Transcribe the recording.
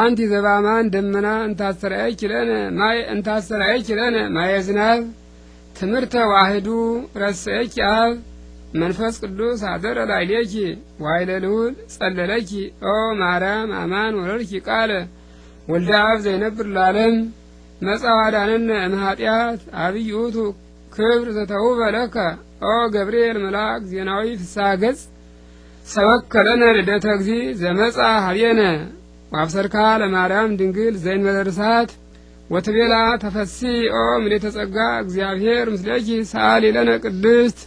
አንቲ ዘባማን ደመና እንታሰራይ ችለነ ማይ እንታሰራይ ችለነ ማየ ዝናብ ትምህርተ ዋህዱ ረሰች አብ መንፈስ ቅዱስ አደረ ላይሌኪ ዋይለ ልዑል ጸለለኪ ኦ ማርያም አማን ወረርኪ ቃለ ወልደ አብ ዘይነብር ላለም መጻዋዳንነ እምኀጢአት አብይ ውእቱ ክብር ዘተውበ ለከ ኦ ገብርኤል መልአክ ዜናዊ ፍሳ ገጽ ሰበከለነ ልደተ እግዚእ ዘመጻ ሀቤነ ዋብሰርካ ለማርያም ድንግል ዘይን በደርሳት ወትቤላ ተፈሲ ኦ ምኔተ ጸጋ እግዚአብሔር ምስሌኪ ሰአሊ ለነ ቅድስት